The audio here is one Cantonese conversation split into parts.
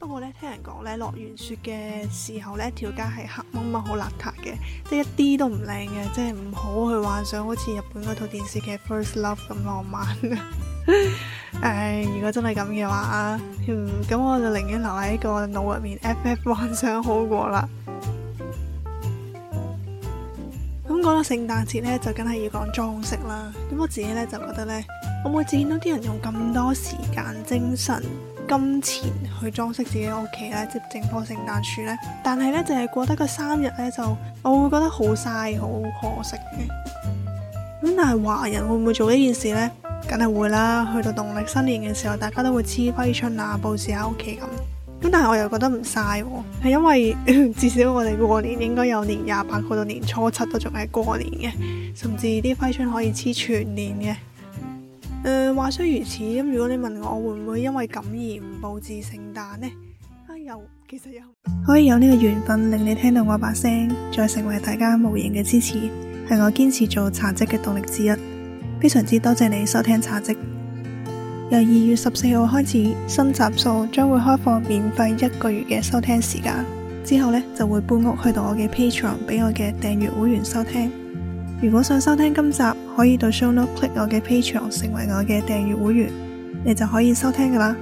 不過咧，聽人講咧，落完雪嘅時候咧，條街係黑掹掹好邋遢嘅，即係一啲都唔靚嘅，即係唔好去幻想好似日本嗰套電視劇《First Love》咁浪漫啊！誒、 呃，如果真係咁嘅話，咁、嗯、我就寧願留喺個腦入面 FF 幻想好過啦。咁講到聖誕節咧，就梗係要講裝飾啦。咁我自己咧就覺得咧。我每次見到啲人用咁多時間、精神、金錢去裝飾自己屋企咧，接整棵聖誕樹咧。但係咧，淨係過得個三日咧，就我會覺得好嘥，好可惜嘅。咁但係華人會唔會做呢件事呢？梗係會啦。去到農曆新年嘅時候，大家都會黐揮春啊，佈置喺屋企咁。咁但係我又覺得唔嘥喎，係因為 至少我哋過年應該有年廿八，去到年初七都仲係過年嘅，甚至啲揮春可以黐全年嘅。誒，話雖如此，咁如果你問我，我會唔會因為咁而唔佈置聖誕呢？啊，又其實又可以有呢個緣分令你聽到我把聲，再成為大家無形嘅支持，係我堅持做茶嘖嘅動力之一。非常之多謝你收聽茶嘖。由二月十四號開始，新集數將會開放免費一個月嘅收聽時間，之後呢，就會搬屋去到我嘅 Patreon 俾我嘅訂閱會員收聽。如果想收聽今集，可以到 ShowNote click 我嘅 Pay 牆成為我嘅訂閱會員，你就可以收聽噶啦。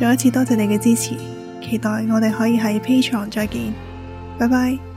再一次多謝你嘅支持，期待我哋可以喺 Pay 牆再見，拜拜。